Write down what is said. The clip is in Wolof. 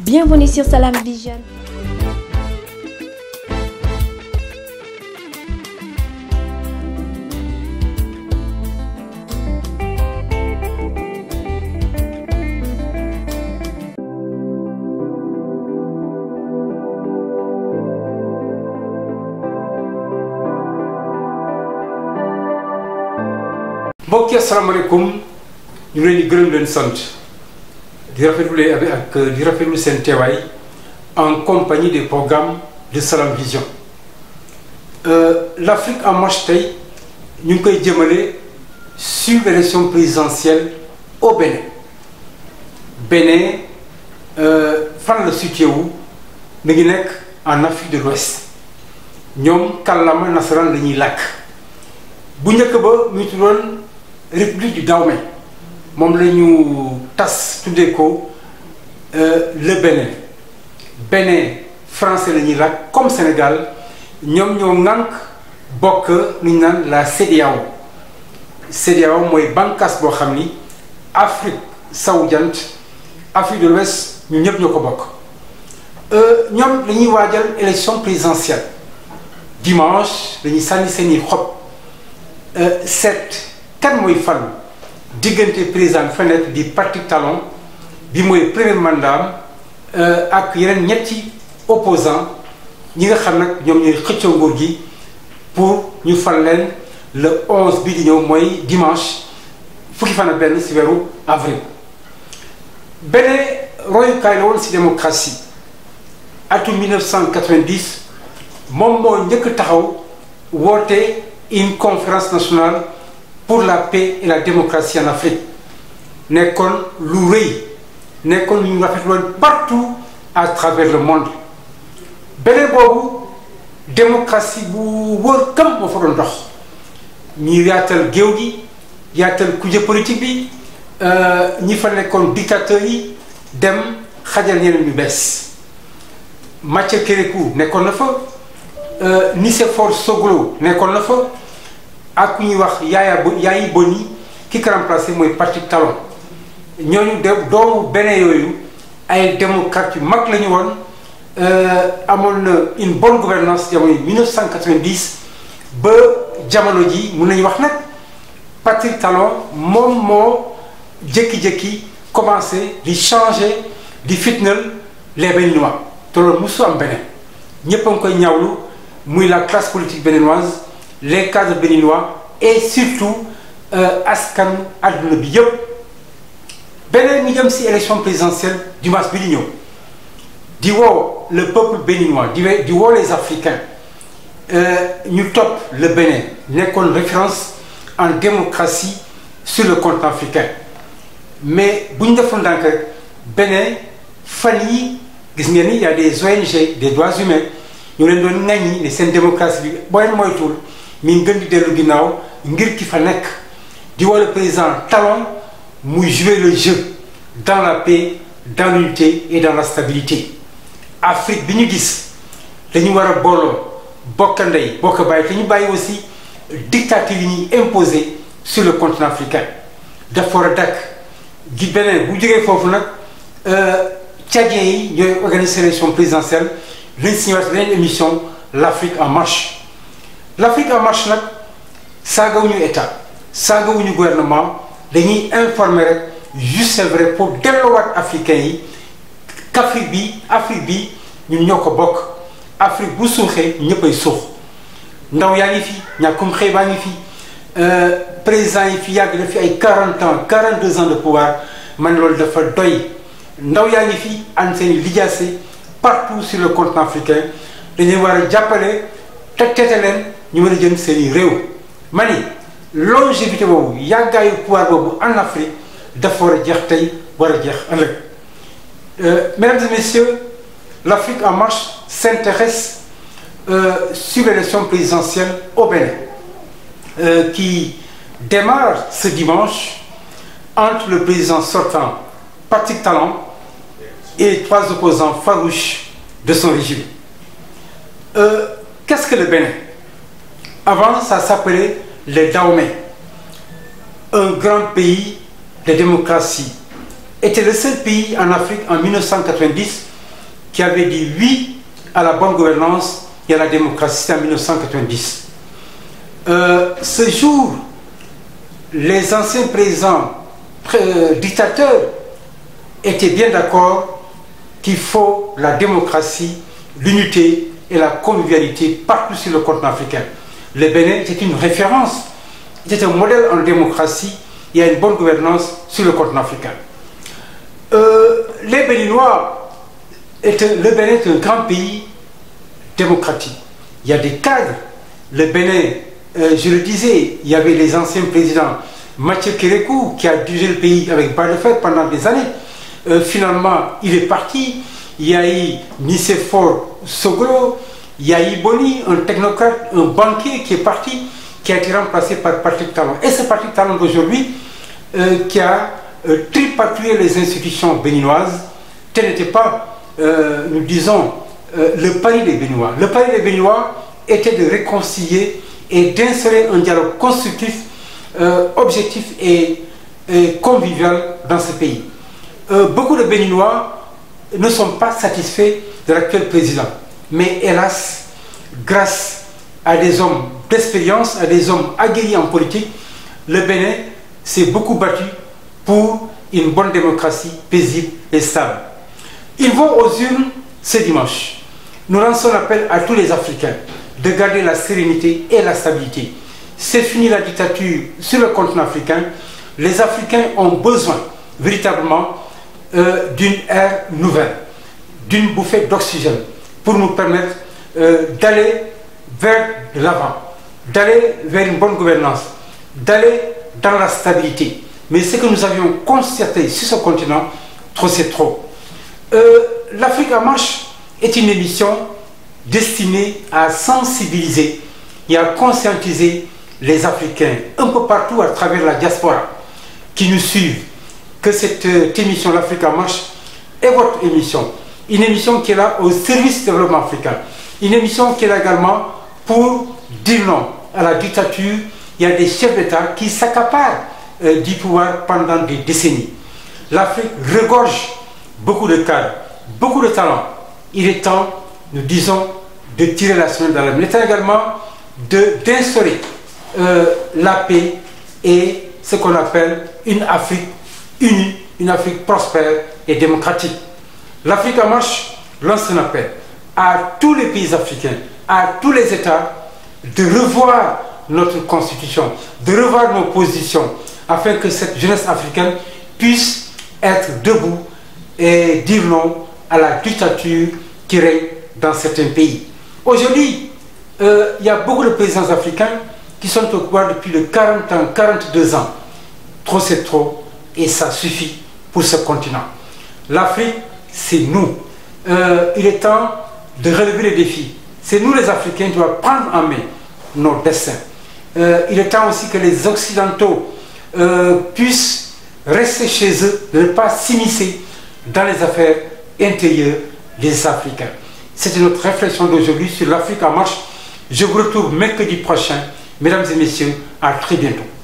Bienvenue sur Salam Vision. mbokk yi asalaamaaleykum ñu ngi leen di gërëm leen sant. di rafetlu ak di rafetlu seen teewaay en compagnie des programme de Salam Vision euh, l'Afrique en marche tey ñu ngi koy jëmale sur l'élection présidentielle au Bénin Bénin euh, fan la situé wu mi ngi nekk en Afrique de l'Ouest ñoom kàllaama nasaraan la ñuy làkk bu njëkk ba mu tuddoon république du Dahomey moom la ñu tas tuddee ko euh, le Bénin Bénin français lañuy ñuy comme Sénégal ñoom ñoo ŋànk bokk lu ñu naan la CEDEAO CEDEAO mooy bànqaas boo xam ni Afrique sowu jant Afrique de l'Ouest ñu ñëpp ñoo ko bokk euh, ñoom la ñuy waajal élection présidentielle dimanche la ñuy sànni seen i xob euh, seet kan mooy falu diggante président fenêtre di parti Talon bi mooy premier mandat euh, ak yeneen ñetti opposant ñi nga xam nag ñoom ñuy xëccoo nguur gi pour ñu fal leen le 11 bi di ñëw mooy dimanche fukki fan ak benn si weeru avril beneen royukaay la woon si démocratie atum 1990 moom moo njëkk taxaw woote une conférence nationale pour la paix et la démocratie en Afrique nekkoon lu rëy nekkoon lu ñu rafetloon partout à travers le monde beneen boobu démocratie bu wóor kam moo fa doon dox ñi yaatal géew gi yaatal kuje politique bi euh, ñi fa nekkoon dictateurs yi dem xajal ñeneen ñu bees Mathieu Kérékou nekkoon na fa euh, Nicéphore Soglo nekkoon na fa ak ku ñuy wax yaaya bo yaayi boni ki ko remplacé mooy Patrick Talon ñooñu de doomu beneen yooyu ay démocrate yu mag la ñu woon euh, amoon na une bonne gouvernance jamono 1990 ba jamono ji mun nañu wax nag Patrick Talon moom moo jékki-jékki commencé di changer di fitnal les Béninois te loolu mosu am beneen ñëpp a ngi koy ñawlu muy la classe politique béninoise les cadres béninois et surtout euh, askan adduna bi yëpp beneen mu jëm si élection présidentielle dimanche bi di ñëw di le peuple béninois di di woo les africains euh, ñu topp le Bénin nekkoon référence en démocratie sur le continent africain mais bu ñu defoon ndànk rek Bénin fan yi gis ngeen ni des ONG des droits humains ñu leen doon ŋaññi ne seen démocratie bi booy moytuwul mi ngi gën di dellu ginnaaw ngir ki fa nekk di wala président talon muy jouer le jeu dans la paix dans l'unité et dans la stabilité Afrique bi ñu gis dañu war a booloo bokk ndey bokk bàyyi te ñu bàyyi aussi dictature yi ñuy imposé sur le continent africain dafa war a dakk gi beneen bu jógee foofu nag euh, Tchadiens yi ñooy organiser élection présidentielle lañ signé waat beneen émission l'Afrique en marche l'Afrique en marche nag saagawuñu état saagawuñu gouvernement dañuy informer rek juste c'est vrai pour delloowaat africain yi qu'Afrique bi Afrique bi ñu ñoo ko bokk Afrique bu suuxee ñëppay suux ndaw yaa ngi fi ñàkkum xëy baa ngi fi euh, président yi fi yàgg daf fi ay 40 ans 42 ans de pouvoir man loolu dafa doy ndaw yaa ngi fi an seen lijaase partout sur le continent africain dañuy war a jàppale te tete leen ñu mën a jëm seeni réew ma ni longévité boobu yàggaayu pouvoir boobu en Afrique dafa war a jeex tey war a jeex ëllëg euh, mesdames et messieurs l'Afrique en marche s'intéresse euh, sur l'élection présidentielle au Bénin euh, qui démarre ce dimanche entre le président sortant Patrick Talon et trois opposants farouches de son régime. Euh, qu'est-ce que le Bénin? Avant, ça s'appelait les Dahomey. Un grand pays de démocratie. Était le seul pays en Afrique en 1990 qui avait dit oui à la bonne gouvernance et à la démocratie en 1990. Euh, ce jour, les anciens présidents euh, dictateurs étaient bien d'accord qu'il faut la démocratie, l'unité et la convivialité partout sur le continent Le Bénin, c'est une référence. C'est un modèle en démocratie. Il y a une bonne gouvernance sur le continent africain. Euh, les le Bénin est un grand pays démocratique. Il y a des cadres. Le Bénin, euh, je le disais, il y avait les anciens présidents. Mathieu Kérékou, qui a dirigé le pays avec pas de fête pendant des années. Euh, finalement, il est parti. Il y a eu Nicéphore Sogolo, Yahi Boli, un technocrate, un banquier qui est parti, qui a été remplacé par Patrick Talon. Et c'est Patrick Talon d'aujourd'hui euh, qui a euh, tripatouillé les institutions béninoises. Tel n'était pas, euh, nous disons, euh, le pari des Béninois. Le pari des Béninois était de réconcilier et d'insérer un dialogue constructif, euh, objectif et, et, convivial dans ce pays. Euh, beaucoup de Béninois ne sont pas satisfaits de l'actuel président. Mais hélas, grâce à des hommes d'expérience, à des hommes aguerris en politique, le Bénin s'est beaucoup battu pour une bonne démocratie paisible et stable. Ils vont aux urnes ce dimanche. Nous lançons l'appel à tous les Africains de garder la sérénité et la stabilité. C'est fini la dictature sur le continent africain. Les Africains ont besoin véritablement euh, d'une ère nouvelle, d'une bouffée d'oxygène. pour nous permettre euh, d'aller vers l'avant, d'aller vers une bonne gouvernance, d'aller dans la stabilité. Mais ce que nous avions constaté sur ce continent, trop c'est trop. Euh, L'Afrique en marche est une émission destinée à sensibiliser et à conscientiser les Africains un peu partout à travers la diaspora qui nous suivent que cette euh, émission L'Afrique en marche est votre émission. une émission qui est là au service du développement africain, une émission qui est là également pour dire non à la dictature. Il y a des chefs d'État qui s'accaparent euh, du pouvoir pendant des décennies. L'Afrique regorge beaucoup de cadres, beaucoup de talents. Il est temps, nous disons, de tirer la semaine dans la Il est temps également d'instaurer euh, la paix et ce qu'on appelle une Afrique unie, une Afrique prospère et démocratique. L'Afrique en marche lance un appel à tous les pays africains, à tous les États, de revoir notre constitution, de revoir nos positions, afin que cette jeunesse africaine puisse être debout à la dictature qui règne dans certains pays. Aujourd'hui, euh, il y a beaucoup de présidents africains qui sont au pouvoir depuis le 40 ans, 42 ans. Trop c'est trop et ça suffit pour ce continent. c'est nous. Euh, il est temps de relever les défis. C'est nous les Africains qui doivent prendre en main nos destins. Euh, il est temps aussi que les Occidentaux euh, puissent rester chez eux, de ne pas s'immiscer dans les affaires intérieures des Africains. C'était notre réflexion d'aujourd'hui sur l'Afrique en marche. Je vous retrouve mercredi prochain. Mesdames et messieurs, à très bientôt.